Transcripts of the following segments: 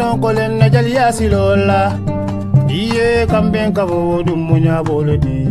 ton kolen na jali yasilola iye kamben kabo dum munya bolodi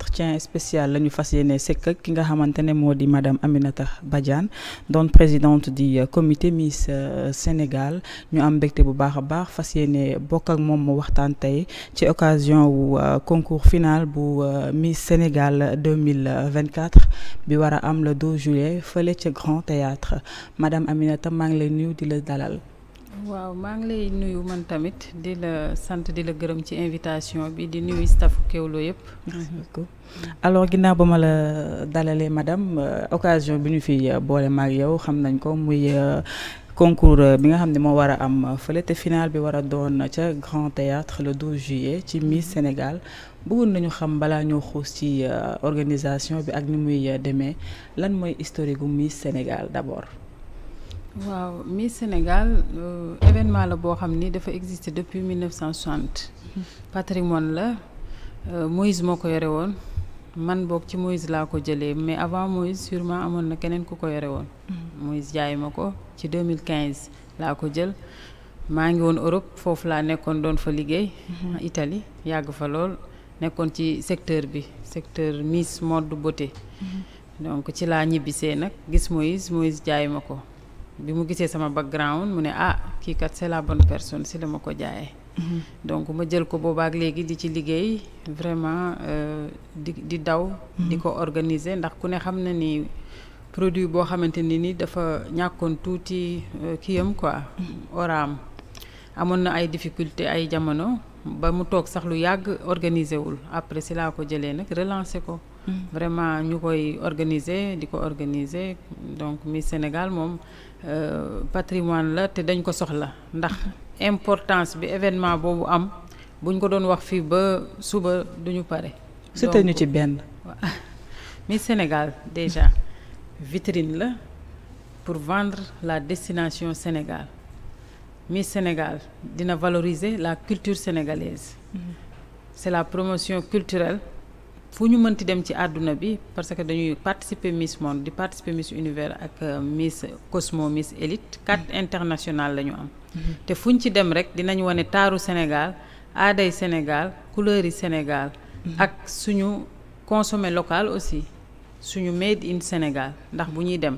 entretien spécial la ñu c'est yéene sekk ki nga xamante madame Aminata Badiane donc présidente du euh, comité Miss euh, Sénégal Nous avons mbégte bu baax a beaucoup fas yéene bokk ak moom mu waxtaan occasion wu euh, concours final bu Miss Sénégal 2024 bi le 12 juillet dans le Grand Théâtre madame Aminata maa ngi lay dalal waaw maa ngi lay nuyu man tamit di la sant di la gërëm ci invitation bi di nuyu staff kewlo yëpp. alors ginnaaw ba ma la dalalee madame euh, occasion bi ñu fi euh, boole maag yow xam nañ ko muy. Euh, concours bi nga xam ne moo war a am fële te final bi war a doon ca Grand Théâtre le 12 juillet ci Miss mm-hmm. Sénégal bëggoon nañu xam balaa ñoo xuus ci organisation bi ak ni muy demee lan mooy historique gu Miss Sénégal d'abord waaw Miss Sénégal euh, événement la boo xam ni dafa exister depuis 1960 patrimoine la euh, Moïse moo ko yore woon man boog ci Moïse laa ko jëlee mais avant Moïse sûrement amoon na keneen ku ko yore woon. Mm-hmm. Moïse jaay ma ko ci 2015 laa ko jël maa ngi woon Europe foofu laa nekkoon doon fa liggéey. Mm-hmm. Italie yàgg fa lool nekkoon ci secteur bi secteur Miss mode beauté. Mm-hmm. donc ci laa ñibbisee nag gis Moïse Moïse jaay ma ko bi mu gisee sama background mu ne ah kii kat c'est la bonne personne si le ma ko jaayee. Mhm. donc ma jël ko boobaak léegi di ci liggéey vraiment euh, di di daw. Mhm. di ko organiser ndax ku ne xam na ni produit boo xamante ni ni dafa ñàkkoon tuuti euh, kiyam quoi. Mhm. oraam amoon na ay difficulté ay jamono ba mu toog sax lu yàgg organiser wul après si laa ko jëlee nag relancer ko. vraiment ñu koy organiser di ko organiser donc mi Sénégal moom. Euh, patrimoine la te dañ ko soxla ndax importance bi événement boobu am buñ ko doon wax fii ba suba duñu pare. c'était ñu ci Sénégal déjà vitrine la pour vendre la destination Sénégal mais Sénégal dina valoriser la culture sénégalaise. Mm-hmm. c'est la promotion culturelle. fu ñu mënti dem ci àdduna bi parce que dañuy participer Miss Monde di participer Miss Univers ak euh, Miss Cosmo Miss Elite carte mm-hmm. internasional. la ñu am mm-hmm. te fuñ ci dem rek dinañ wane taaru Sénégal aaday Sénégal couleur yi Sénégal mm-hmm. ak suñu consommé local aussi suñu made in Sénégal ndax bu ñuy dem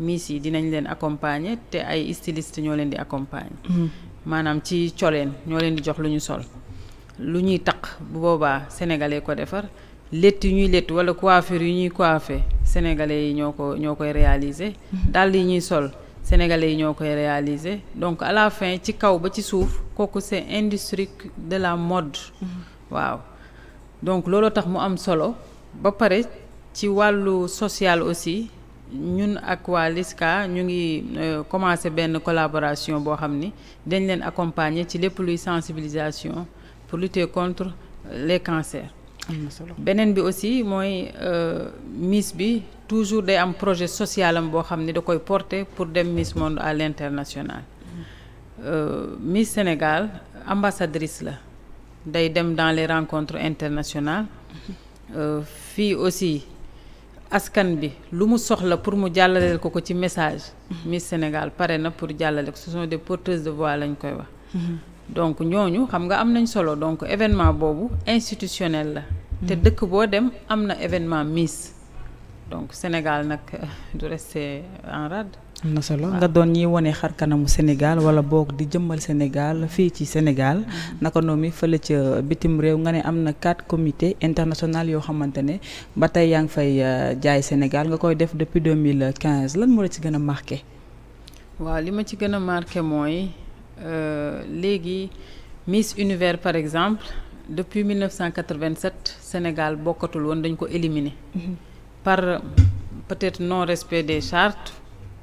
Miss yi dinañ leen accompagner te ay styliste ñoo leen di accompagner manam ci coleen ñoo leen di jox lu sol lu tak taq bu boobaa sénégalais ko defar létt ñuy létt wala coiffure ñuy coiffer sénégalais yi ñoo ko réaliser mhm. dal yi ñuy sol sénégalais yi ñoo réaliser donc à la fin ci kaw ba ci souf kooku c'est industrie de la mode mhm. waaw donc lolo tax mu am solo ba paré ci walu social aussi ñun ak wa LISCA ñu ngi euh, commencer ben collaboration bo xamni dañ leen accompagner ci lepp luy sensibilisation pour lutter contre les cancers beneen bi aussi mooy euh, Miss bi toujours day am projet social am boo xam ne da porter pour dem Miss Monde à l'international mm-hmm. euh, Miss Sénégal ambassadrice la day dem dans les rencontres internationales mm-hmm. euh, fille aussi askan bi lu mu soxla pour mu jàllaleel ko ci message mm-hmm. Miss Sénégal pare pour jàllale ko ce sont des porteuses de voix lañ koy wax donc ñooñu xam nga am nañ solo donc événement boobu institutionnel la. te hmm. dëkk boo dem am na événement Miss. donc Sénégal nag du rester en rade. am na solo nga doon ñiy wone xar kanamu Sénégal wala boog di jëmmal Sénégal fii ci Sénégal hmm. naka noonu fële ca bitim réew nga ne am na quatre comités international yoo xamante ne ba tey yaa ngi fay euh, jaay Sénégal nga koy def depuis quinze lan moo la ci gën a marqué. waaw li ma ci gën a mooy. Euh, légui Miss Univers par exemple depuis 1987 Sénégal bokatul won dañ ko éliminer mhm. par peut-être non respect des chartes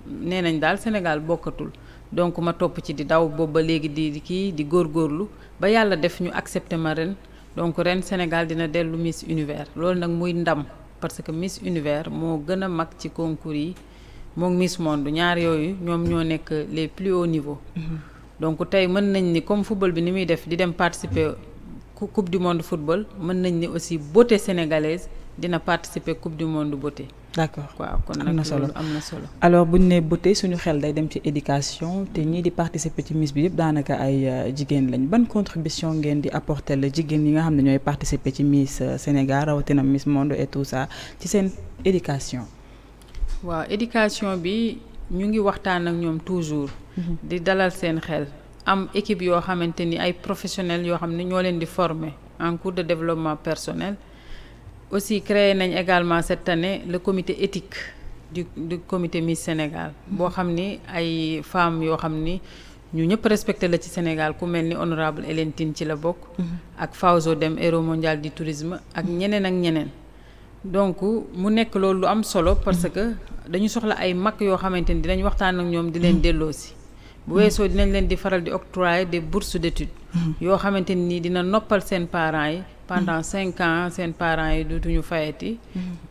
nenañ dal Sénégal bokatul donc ma top ci di daw bobu légui di ki di góorgóorlu ba yalla def ñu accepter ma ren donc ren Sénégal dina dellu Miss Univers loolu nak muy ndam parce que Miss Univers mo gëna mag ci concours yi Miss Monde ñaar yoyu ñom ñoo nek les plus haut niveau. Mhm donc tay mën nañ ni comme football bi ni muy def di dem participer coupe du monde football mën nañ ni aussi beauté sénégalaise dina participer coupe du monde beauté. d'accord waaw kon solo solo. alors buñ né beauté suñu xel day dem ci éducation té ñi di participer ci Miss bi yëpp daanaka ay euh, jigéen lañ ban contribution ngeen di apporter le jigéen yi nga xamné ne participer ci Miss euh, Sénégal rawatina Miss Monde et tout ça ci sen éducation. waaw éducation bi. ñu ngi waxtaan ak ñoom toujours. Mhm. di dalal seen xel am équipe yoo xamante ni ay professionnels yoo xam ne ñoo leen di former en de développement personnel. aussi créé nañ également cette année le comité éthique du du comité Miss Sénégal mhm. boo xam ni ay femmes yoo xam ni ñu ñëpp respecté la ci Sénégal ku mel ni honorable Hélène Tine ci la bokk. Mhm. ak Fawzo dem héros mondial du tourisme. ak ñeneen ak ñeneen. donc mu nekk loolu am solo parce que. dañu soxla ay mag yoo xamante ni dinañ waxtaan ak ñoom di leen mm-hmm. delloo si bu weesoo dinañ leen di faral di octroyer des bourses d'études mm-hmm. yoo xamante ni dina noppal seen parent yi mm-hmm. pendant cinquant seen parent yi dootuñu fayati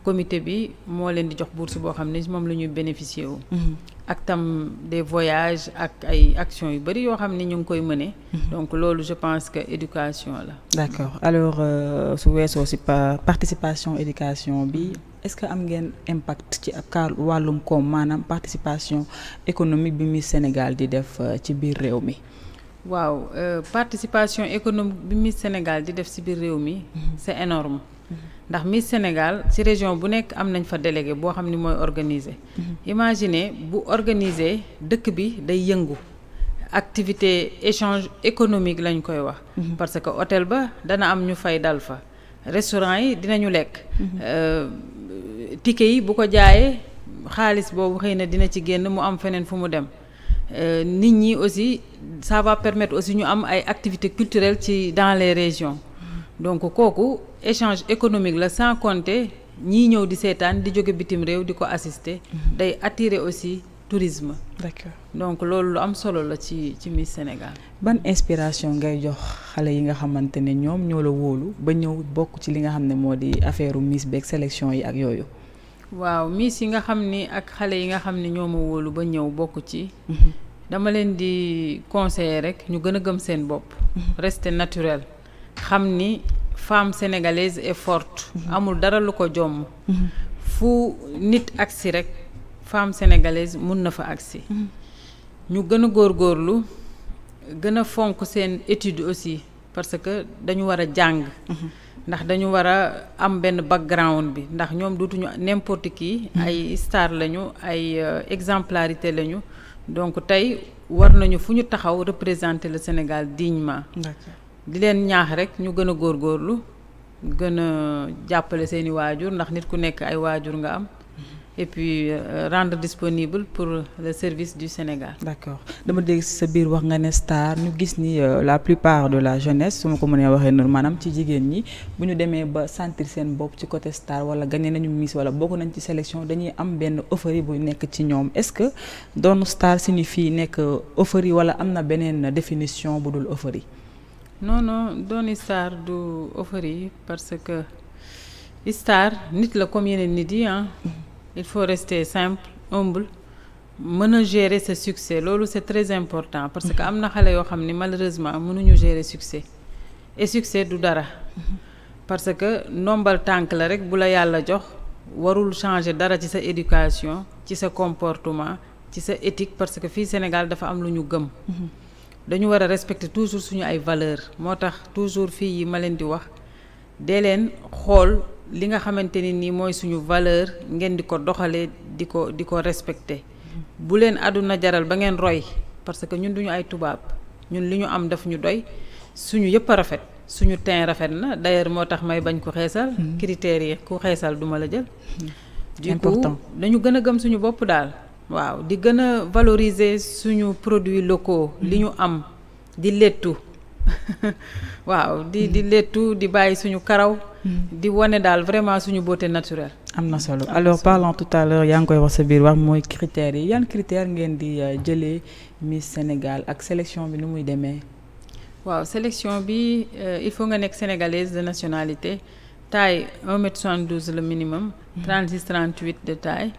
comité bi moo leen di jox bourse boo xam ne moom la ñuy bénéficier ak des voyages ak ay actions yu y yoo mhm. donc je pense que éducation la d'accord alors euh, su weesoo participation éducation bi est-ce que am un impact ci la walum ko participation économique du euh, euh, Sénégal di def ci biir participation économique du Sénégal di def ci c'est énorme ndax mi Sénégal ci région bu nekk am nañ fa délégué boo xam ni mooy organiser. Mhm. imaginez bu organiser dëkk bi day yëngu. activité échange économique lañ koy wax. Mhm. parce que hôtel ba dana am ñu fay dal fa. restaurant yi dinañu lekk. Mhm. Euh, ticket yi bu ko jaayee xaalis boobu xëy na dina ci génn mu am feneen fu mu dem. Euh, nit ñi aussi ça va permettre aussi ñu am ay activités culturelles ci dans les régions donc kooku échange économique la sans compter ñi ñëw di sétane di joggé bitim réew diko ko assister. Mhm. day attirer aussi tourisme. d'accord donc loolu am solo la ci ci Miss Sénégal. ban inspiration ngay jox xalé yi nga xamante ne nyolo ñoo la wolu ba ñëw bokku ci li nga xamné modi affaireu Miss beeg sélection yi ak yoyu waaw Miss yi nga xam ak xalé yi nga xam ne ñoo ma wóolu ba ñëw bokku ci. Mhm. dama leen di conseiller rek ñu gëna gëm seen bopp. Mhm. rester naturel. xam ni femme sénégalaise est forte. Mhm. amul dara lu ko jomm. Mhm. fu nit agsi rek femme sénégalaise mun na fa agsi. Mhm. ñu gën a góorgóorlu gën a fonk seen étude aussi parce que dañu war a jàng. ndax dañu war a am benn background bi ndax ñoom dootuñu n'importe qui. ay star lañu ay euh, exemplarité lañu donc tey war nañu fu ñu taxaw représenter le Sénégal dignement. di leen ñaax rek ñu gën a góorgóorlu gën a jàppale seen i waajur ndax nit ku nekk ay waajur nga am et puis euh, rendre disponible pour le service du Sénégal. d'accord dama dégg sa biir wax nga ne star ñu gis ni euh, la plupart de la jeunesse su ma ko mënee waxee noonu maanaam ci jigéen ñi bu ñu demee ba sentir seen bopp ci côté star wala gagné nañu miss wala bokk nañ ci sélection dañuy am benn offre yi bu nekk ci ñoom est-ce que doon star signifie nekk offre yi wala am na beneen définition bu dul offre yi non non dooni star du offre parce que star nit la comme yeneen nit yi ah. il faut rester simple humble mën a gérer sa succès loolu c'est très important parce que am na xale yoo xam ni malheureusement mënuñu gérer succès et succès du dara parce que nombal tànk la rek bu la yàlla jox warul changer dara ci sa éducation ci sa comportement ci sa éthique parce que fii Sénégal dafa am lu ñu gëm dañu war a respecter toujours suñu ay valeur moo tax toujours fii yi ma leen di wax dee leen xool li nga xamante ni nii mooy suñu valeur ngeen di ko doxalee di ko di ko respecter bu leen àdduna jaral ba ngeen roy parce que ñun duñu ay tubaab ñun li ñu am daf ñu doy suñu yëpp rafet suñu teint rafet na d'ailleurs moo tax may bañ ku xeesal mm-hmm. critères yi ku xeesal duma la jël du coup dañu gën a gëm suñu bopp daal waaw di gën valoriser suñu produits locaux mm. li am di lettu waaw di di mm. lettu di bàyyi suñu karaw mm. di wane daal vraiment suñu beauté naturelle am na solo alors parlant tout à l'heure yaa koy wax sa biir wax critères ngeen di euh, Miss Sénégal ak sélection bi nu muy demee waaw sélection bi euh, il faut nga nekk sénégalaise de nationalité taille 1 m 72 le minimum 36 38 de taille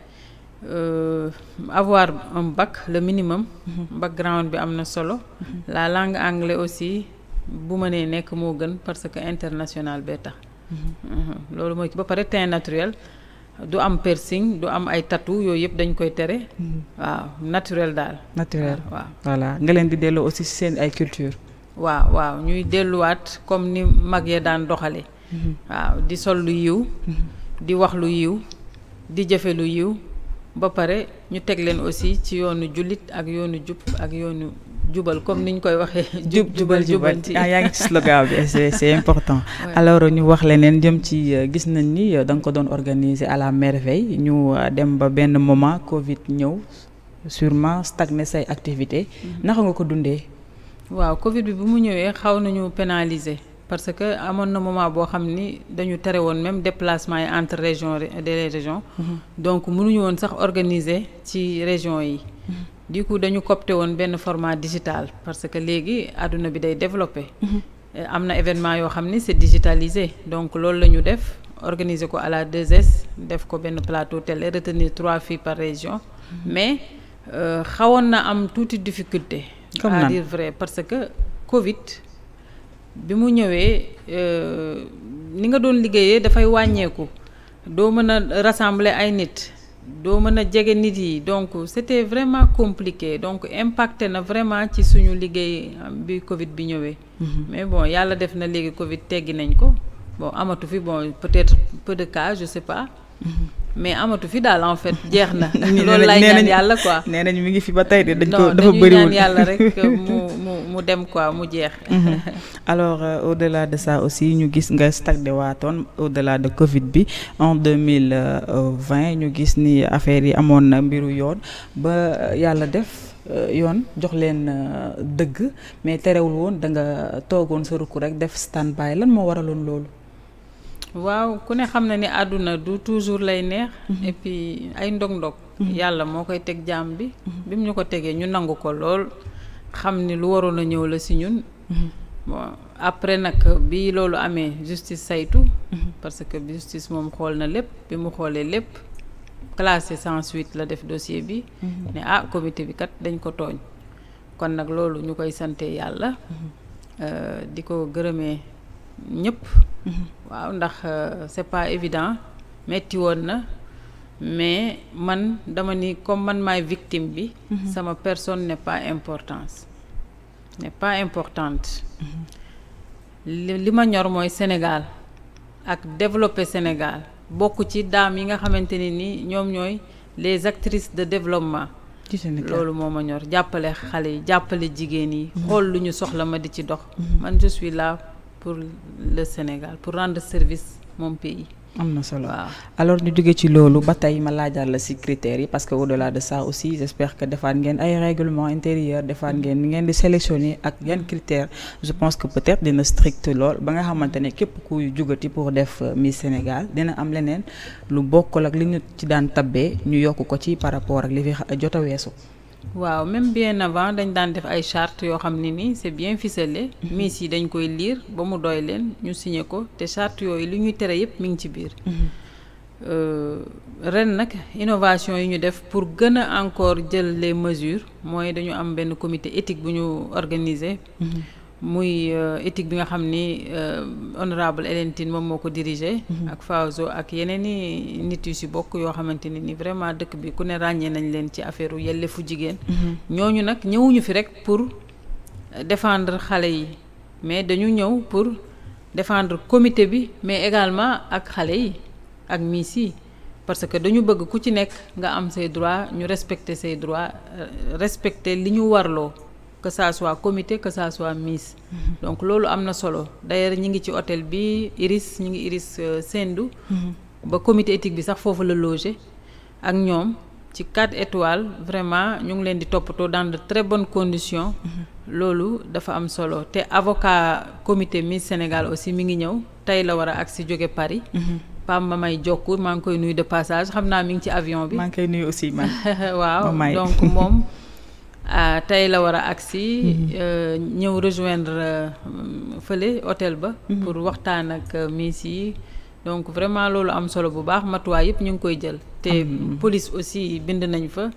euh, avoir un bac le minimum. Mhm. background bi am solo. Mhm. la langue anglais aussi bu mënee nek mo gën parce que international beta mhm. Lolu moy mooy ba paré teint naturel du am piercing du am ay tatou yooyu yep dañ koy tere. waaw naturel dal naturel waaw voilà nga leen di delloo aussi sen ay culture. waaw waaw ñuy wat comme ni mag ya daan doxalee. waaw di sol lu yiw. di wax lu yiw di jëfe lu yiw ba paré ñu teg leen aussi ci yoonu julit ak yoonu jup ak yoonu jubal comme niñ koy waxé jub jubal jubal ah yaa ngi ci slogan bi c'est important. alors ñu wax leneen jëm ci euh, gis nañ ni euh, da nga ko doon organiser à la merveille ñu euh, dem ba benn moment Covid ñëw sûrement stagné say activité mm-hmm. naka nga ko d'undé waaw Covid bi bu mu ñëwee xaw nañu pénaliser parce que à na moment bo xamni dañu téré won même déplacement entre région des régions mhm. donc mënuñu won sax organiser ci région yi mhm. du coup dañu copté won un format digital parce que légui aduna bi day développer mhm. euh, amna événement yo xamni c'est digitalisé donc loolu lañu def organiser ko à la 2S def ko un plateau télé retenir trois filles par région mais euh, xawon na am les difficulté à dire vrai parce que Covid bi mu ñëwee euh, ni nga doon liggéeyee dafay wàññeeku doo mën a rassembler ay nit doo mën a jege nit yi donc c'était vraiment compliqué donc impacté na vraiment ci suñu liggéey bi Covid bi ñëwee. Mhm. mais bon yàlla def na léegi Covid teggi nañ ko bon amatu fi bon peut-être peu de cas je sais pas. Mhm mais amatu fi en fait jeexna na. quoi ngi fi de dafa alors au delà de ça aussi ñu gis nga de waton au delà de Covid bi en 2020 ñu gis ni affaire yi bureau. na mbiru yoon ba yalla def. Euh, yoon jox leen euh, dëgg mais terewul woon da nga def stand by lan moo waraloon waaw ku ne xam na ni àdduna du toujours lay neex. Mhm. et ay ndog-ndog. Mhm. yàlla moo koy teg jaam bi. Mhm. bi mu ñu ko tegee ñu nangu ko lool xam ni lu waroon a ñëw la si ñun. bon après nag bi loolu amee justice saytu. parce que justice moom xool na lépp bi mu xoolee lépp classé sans suite la def dossier bi. ne ah comité bi kat dañ ko tooñ. kon nag loolu ñu koy sante yàlla. Euh, di ko gërëmee ñëpp. waaw ndax euh, c'est pas évident metti woon na mais man dama ni comme man ma victime bi. Mhm. sama personne n'est pas importance n'est pas importante. Mhm. li ma ñor mooy Sénégal ak développer Sénégal bokk ci daam yi nga xamante ni ñoom ñooy les actrices de développement. loolu moo ma ñor jàppale xale yi jàppale jigéen yi. Mhm. xool lu ñu soxla ma di ci dox. man je suis là pour le Sénégal pour rendre service mon pays. alors nous devons ci loolu ba est ma la parce que au delà de ça aussi j'espère que vous avez ay règlement intérieur defaat ngeen sélectionné di sélectionner ak critères je pense que peut être dina strict lool ba nga xamante ne képp kuy jugati pour def euh, Miss Sénégal dina am leneen lu bokkul ak li ñu ci daan tabbee ñu par rapport à li fi jot waaw même bien avant dañ daan def ay charte yoo xam ne nii c'est bien ficelé mhm. miss yi dañ koy liir ba mu doy leen ñu signé ko te charte yooyu li ñuy tere yëpp mi ngi ci biir mhm. euh, ren nag innovation yi ñu def pour gën a encore jël les mesures mooy dañu am benn comité étique bu ñu organiser mhm. muy euh, éthique bi nga xam ni euh, honorable Hélène Tine moom moo ko dirigé. Mm-hmm. ak Faozo ak yeneen i nit yu si bokk yoo xamante ne ni vraiment dëkk bi ku ne ràññee nañ leen ci affaire yelleefu jigéen. Mm-hmm. ñooñu nag ñëwuñu fi rek pour défendre xale yi mais dañu ñëw pour defendre comité bi mais également ak xale yi ak miss yi parce que dañu bëgg ku ci nekk nga am say droit ñu respecter say droit euh, respecter li ñu warloo. que ça soit comité que ça soit miss. Mhm. donc lolu amna solo d'ailleurs ñi ngi ci hôtel bi Iris ñi ngi Iris euh, Sendou. Mhm. ba comité éthique bi sax le loger ak ñom ci 4 étoiles vraiment ñu ngi leen di dans de très bonnes conditions. Mhm. lolu dafa am solo té avocat comité Miss Sénégal aussi mi ngi ñëw tay la à Paris. Pam ma may jokku manque koy de passage xam mi avion bi. maa koy aussi man. donc à ah, tey la wara aksi ñeu mhm. rejoindre feulé hôtel ba mhm. pour waxtaan ak euh, Misi donc vraiment lolu am solo bu baax matuwaay yëpp ñu ngi koy jël te mhm. police aussi bind nañ fa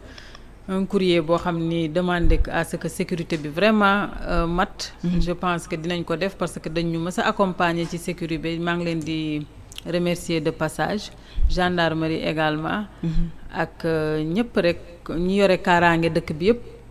un courrier qui xamni demander demandé à ce que sécurité bi vraiment euh, mat je pense que dinañ ko def parce que dañ ñu mësa accompagner ci sécurité bi ngi leen di remercier de passage gendarmerie également ak euh, ñëpp rek ñu yoré karangé dëkk bi yépp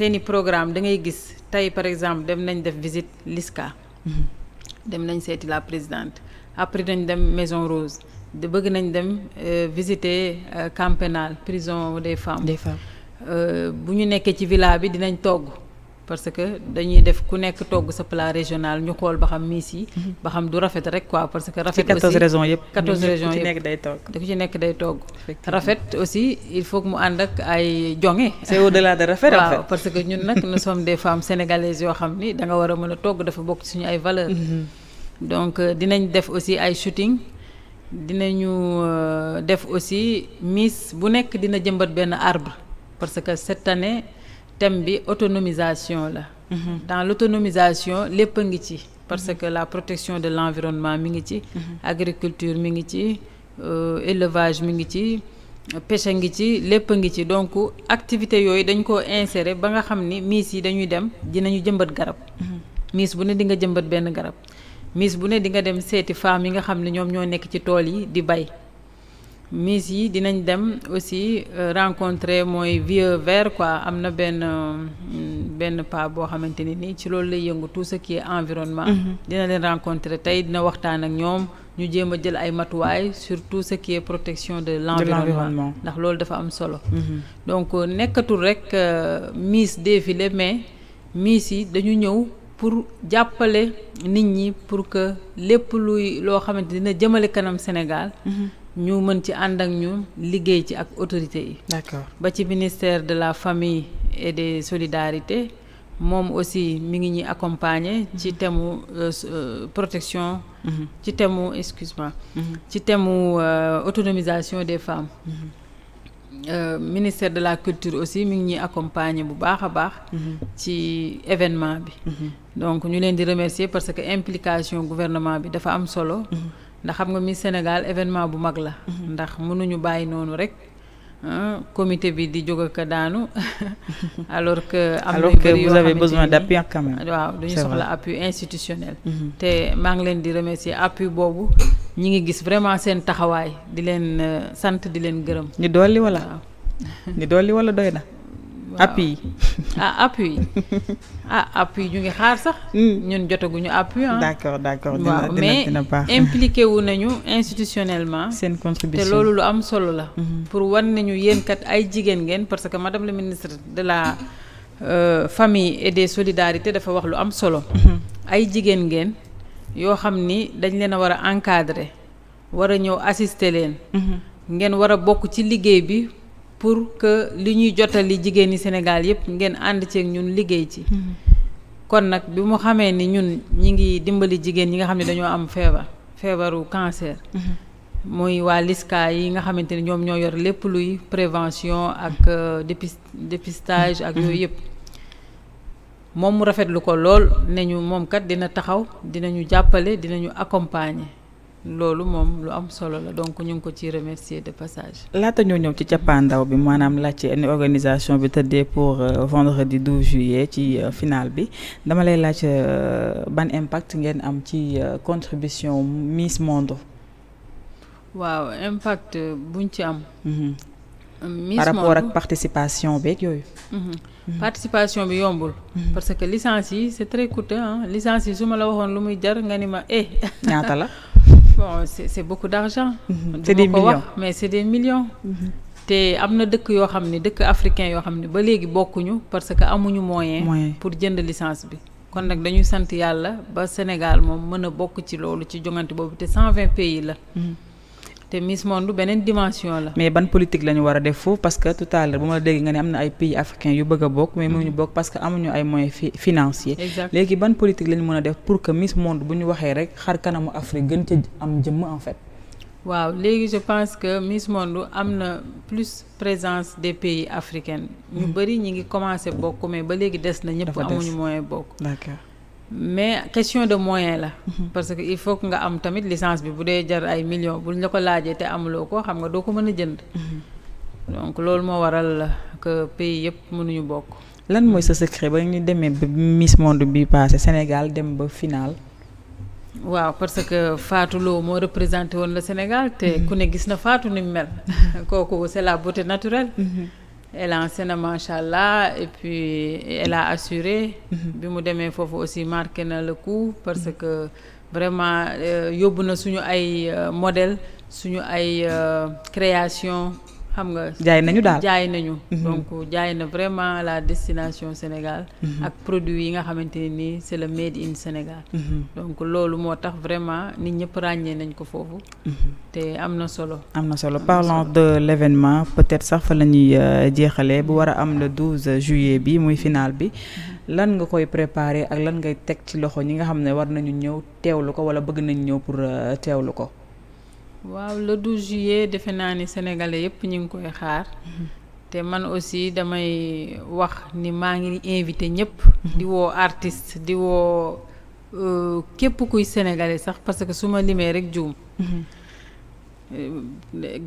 seeni programme da ngay gis tey par exemple dem nañ def visite LISCA dem nañ seeti la présidente après dañ dem Maison Rose de bëgg nañ dem euh, visiter euh, camp pénal prison des femmes des femmes euh, bu ñu nekkee ci villa bi dinañ togg parce que dañuy def ku nekk togg sa plat régional ñu xool ba xam miis yi. ba xam du rafet rek quoi parce que. rafet aussi 14 régions yëpp. 14 régions yëpp ci nekk day togg. ku ci nekk day togg. rafet aussi il faut que mu ànd ak ay jonge. c'est au-delà de rafet waaw parce que ñun nag nous sommes des femmes sénégalaises yoo xam ni da nga war a mën a togg dafa bokk suñu ay valeurs. Mhm. donc euh, dinañ def aussi ay shooting. dinañu euh, def aussi miss bu nekk dina jëmbat benn arbre parce que cette année thème bi autonomisation la mhm. dans l'autonomisation les ngi ci parce que la protection de l'environnement mi ngi ci mhm. agriculture mi ngi ci euh, élevage mi ngi ci pêche ngi ci lepp ngi ci donc activité yoy dañ ko insérer ba nga xamni ni yi dañuy dem dinañu jëmbat garab mhm. miis bu ne di nga jëmbat ben garab miis bu ne di nga dem séti femmes yi nga xamni ñom ñoo nekk ci tool yi di bay mais yi dinañ dem aussi euh, rencontrer moy vieux vert quoi amna ben euh, ben pas boo xamante ne ci loolu lay yëngu tout ce qui est environnement. Mhm. dina leen rencontrer tay dina waxtaan ak ñoom ñu jéem a jël ay matuwaay sur tout ce qui est protection de l'environnement ndax loolu dafa am solo. Mhm. donc euh, nekkatul rek miss défilé mais miss yi dañu ñëw. pour jàppale nit ñi pour que lépp luy loo xamante dina jëmale kanam Sénégal. Mhm. Nous mën ci ànd ak d'accord ba ministère de la famille et des solidarités Solidarité aussi mi ngi mhm. euh, euh, protection. Mhm. excuse mhm. euh, autonomisation des femmes. ministère de la culture aussi mi ngi ñi accompagner bu événement donc remercier parce que implication gouvernement bi dafa solo ndax xam nga Sénégal bu mag la. Mhm. ndax hein, comité bi di alors que. que vous avez besoin d'appui quand même. waaw soxla appui institutionnel. Mhm. te maa ngi di remercier appui ñi vraiment seen taxawaay di leen euh, sant di Nous gërëm. en dolli wala. sommes appui ah appui ah appui ñu ngi xaar sax. Hmm. ñun jotaguñu appui Hein. d'accord D'accord, d' dina baax mais impliqué wu nañu institutionnellement. c'est une contribution te loolu lu am solo la. Hmm. pour que nous yéen kat ay jigéen ngeen parce que madame la ministre de la euh, famille et des solidarités dafa wax lu am solo. Hmm. ay jigéen ngeen yoo xam ni dañ leen a encadrer nous devons assister leen. ngeen war a ci pour que li ñuy jotali jigéen yi Sénégal yëpp ngeen ànd ceeg ñun liggéey ci. Hmm. kon nag bi mu xamee ni ñun ñi ngi dimbali jigéen ñi nga xam ne dañoo am feebar feebaru cancer. mooy hmm. waa LISCA yi nga xamante ni ñoom ñoo yor lépp luy prévention ak euh, dépis dépistage ak hmm. yooyu yëpp. moom mu rafetlu ko lool ne ñu moom kat dina taxaw dinañu jàppale dinañu accompagner. loolu moom lu am solo la donc ñu ngi ko ciy remercier de passage. laata ñoo ñëw ci cappaandaw bi maanaam laajte ni organisation bi tëddee pour euh, vendredi 12 juillet ci euh, final bi dama lay laaj euh, ban impact ngeen am ci contribution Miss Monde. waaw impact buñ ci am. Mhm. Miss Monde par rapport ak participation beeg yooyu. Mhm. Mhm. participation bi yombul. parce que licence yi c'est très coûteux ah licence yi su ma la waxoon lu muy jar nga ni ma eh. ñaata la. c'est beaucoup d'argent mhm. c'est des millions mais c'est des millions mhm. te am y des des des africains, dëkk de ba bokkuñu pour licence bi kon nag dañuy Sénégal on a eu ci de ci pays mhm te Miss Monde benen dimension la. mais ban politique lañu wara def parce que tout à l'heure bu dégg nga ni amna ay pays africains yu bëgg bok mais mënu bok parce que amuñu ay moyens financiers. légui ban politique lañu mëna def pour que Miss Monde buñu waxé rek xar kanamu Afrique gën ci am jëm en fait. waaw léegi je pense que Miss Monde a na plus présence des pays africains. ñu mm-hmm. bëri ñi ngi commencé bokk mais ba léegi des na ñëpp amuñu moyen d'accord mais question de moyens la. parce que il faut que nga am tamit licence bi budé jar ay millions buñ la ko laajee te xam nga doo ko jënd. donc lool mo waral que pays yëpp mënuñu bok lan moy sa secret ba ñu démé ba Miss Monde bi passé Sénégal dem ba final. waaw parce que Fatou Lo mo représenté woon le Sénégal té mm-hmm. ku ne gis na Fatou ni mel mm-hmm. kooku c'est la beauté naturelle. Mm-hmm elle a enseigné à allah et puis elle a assuré. bi mu demee aussi marquer le coup parce que vraiment euh, yóbbu suñu ay euh, modèle suñu ay euh, création xam nga jaay nañu daal jaay nañu. Mhm. donc jaay na vraiment la destination Sénégal. Mhm. ak produit yi nga xamante ne c'est le made in Sénégal. Mhm. donc loolu moo vraiment nit ñëpp ràññee nañ ko foofu. te am na solo. am solo parlons de l'événement peut-être sax fa la ñuy euh, jeexalee bu war am le 12 juillet bi muy final bi. lan nga koy préparer ak lan ngay teg ci loxo ñi nga xam ne war nañu ñëw teewlu ko wala bëgg nañu ñëw pour euh, teewlu ko. waaw le 12 juillet defe naa ni sénégalais yëpp ñu ngi koy xaar te man aussi damay wax ni maa ngi invité ñëpp di woo artiste di woo euh, képp kuy sénégalais sax parce que su ma limee rek juum euh,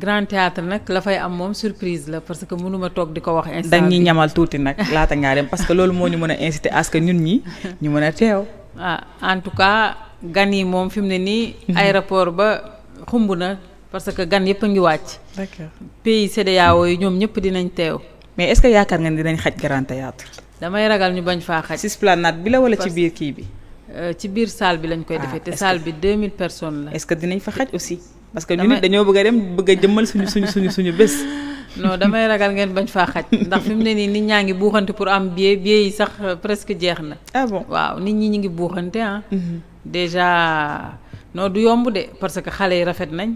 grand théâtre nag la fay am moom surprise la parce que mënuma toog di ko wax instant dañ ñuy ñamal tuuti nag laata ngaa dem parce que loolu moo ñu mën a incité à ce que ñun ñi ñu mën a teew ah en tout cas gan yi moom fi mu ne nii aéroport ba xumb na parce que gan yëpp ngi wacc d'accord pays CEDEAO yi ñoom ñëpp dinañ teew. mais est-ce que yaakaar nga dinañ xaj Grand Théâtre damay ragal ñu bañ fa xaj. six esplanade bi la wala ci biir ki bi. Euh, ci biir salle bi lañ koy ah, defee. té salle bi 2000 personnes la. est-ce que dinañ fa xaj aussi. parce que ñu nit dañoo bëgg dem bëgg jëmmal suñu suñu suñu suñu bés. non damay ragal ngeen bañ fa xaj ndax fi mu ne nii nit ñaa ngi buuxante pour am billet billet yi sax euh, presque jeex na. ah bon waaw nit ñi ñi ngi buuxante hein déjà non du yomb de parce que xalé yi rafet nañ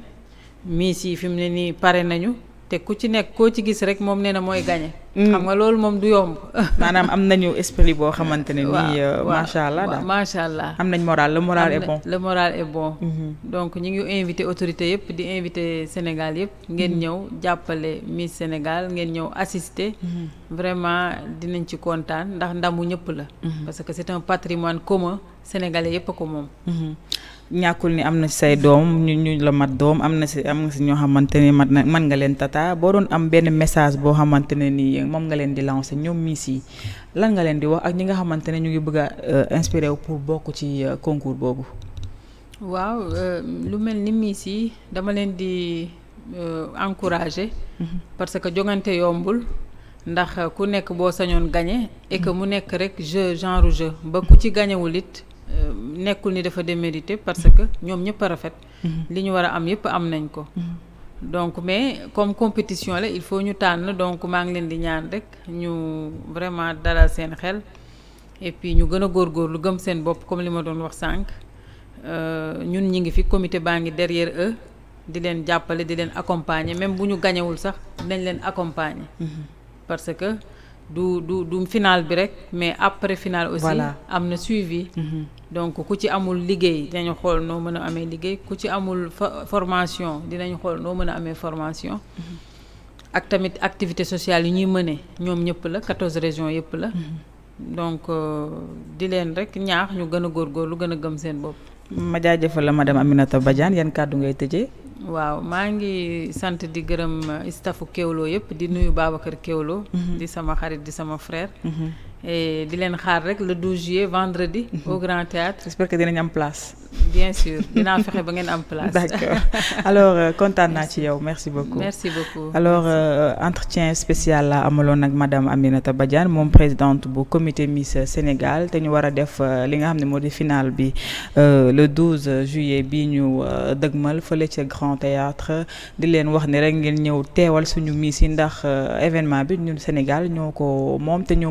mi les nañu te ku ci nek qui ci gis rek gagné. Mm. xam nga mom du yomb. am nañu esprit ont ni machallah da am nañ moral le moral est bon. le moral est bon. Mm-hmm. donc nous ngi invité autorité yépp di invité Sénégal yépp mm-hmm. ngeen ñëw Miss Sénégal ngeen ñëw assister. Mm-hmm. vraiment dinañ ci ndax parce que c'est un patrimoine commun sénégalais yépp ko ñàkkul ni am na say doom ñu ñu la mat doom am na si am na si ñoo xamante ne mat na mën nga leen tata boo doon am benn message boo xamante ne nii moom nga leen di lancer ñoom miss yi lan nga leen di wax ak ñi nga xamante ne ñu ngi bëgg a euh, inspiré wu pour bokk ci euh, concours boobu. waaw euh, lu mel ni miss yi dama leen di encourager. Mhm. parce que jongante yombul. ndax ku nekk boo sañoon gagné. et que mu nekk rek jeu genre jeu ba ku ci gagné wul it Euh, nekkul ni dafa démérité parce que ñoom ñëpp a rafet. Mhm. li ñu war a am yëpp am nañ ko. Mhm. donc mais comme compétition la il faut ñu tànn donc maa ngi leen di ñaan rek ñu vraiment dalal seen xel et puis ñu gën a góorgóorlu gëm seen bopp comme li ma doon wax sànq euh, ñun ñi ngi fi comité baa ngi derrière eux di leen jàppale di accompagner même bu ñu sax mhm. parce que du du du final bi rek mais après final aussi am na suivi mhm. donc ku ci amul liggéey dinañu xool noo mën a amee liggéey ku ci amul formation dinañu xool noo mën a amee formation mhm. ak tamit activité sociale yi ñuy mëne ñoom ñëpp la quatorze régions yëpp la mhm. donc euh, di leen rek ñaax ñu gën a góorgóorlu gën a gëm seen bopp ma jaajëfal la madame Aminata Badiane yan kàddu ngay tëjee waaw maa ngi sant di gërëm uh, stafu Kéwoulo yëpp di nuyu Babacar Kéwoulo mm-hmm. di sama xarit di sama frère mm-hmm. et di leen le 12 juillet vendredi. au mhm. Grand Théâtre. j'espère que a une place. bien sûr en fexe ba une am place. d'accord alors content euh, à ci merci beaucoup. merci beaucoup alors euh, entretien spécial à amaloon avec madame Aminata Badiane mon présidente du comité Miss Sénégal te ñu war a def euh, li nga xam ne moo di finale bi le 12 juillet bii ñu Grand Théâtre di leen wax ne rek ngeen ñëw le suñu miss yi ndax événement bi Sénégal nous ko moom te ñoo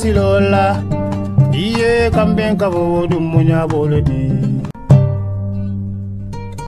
silola iye kamben kabo dum munya bolodi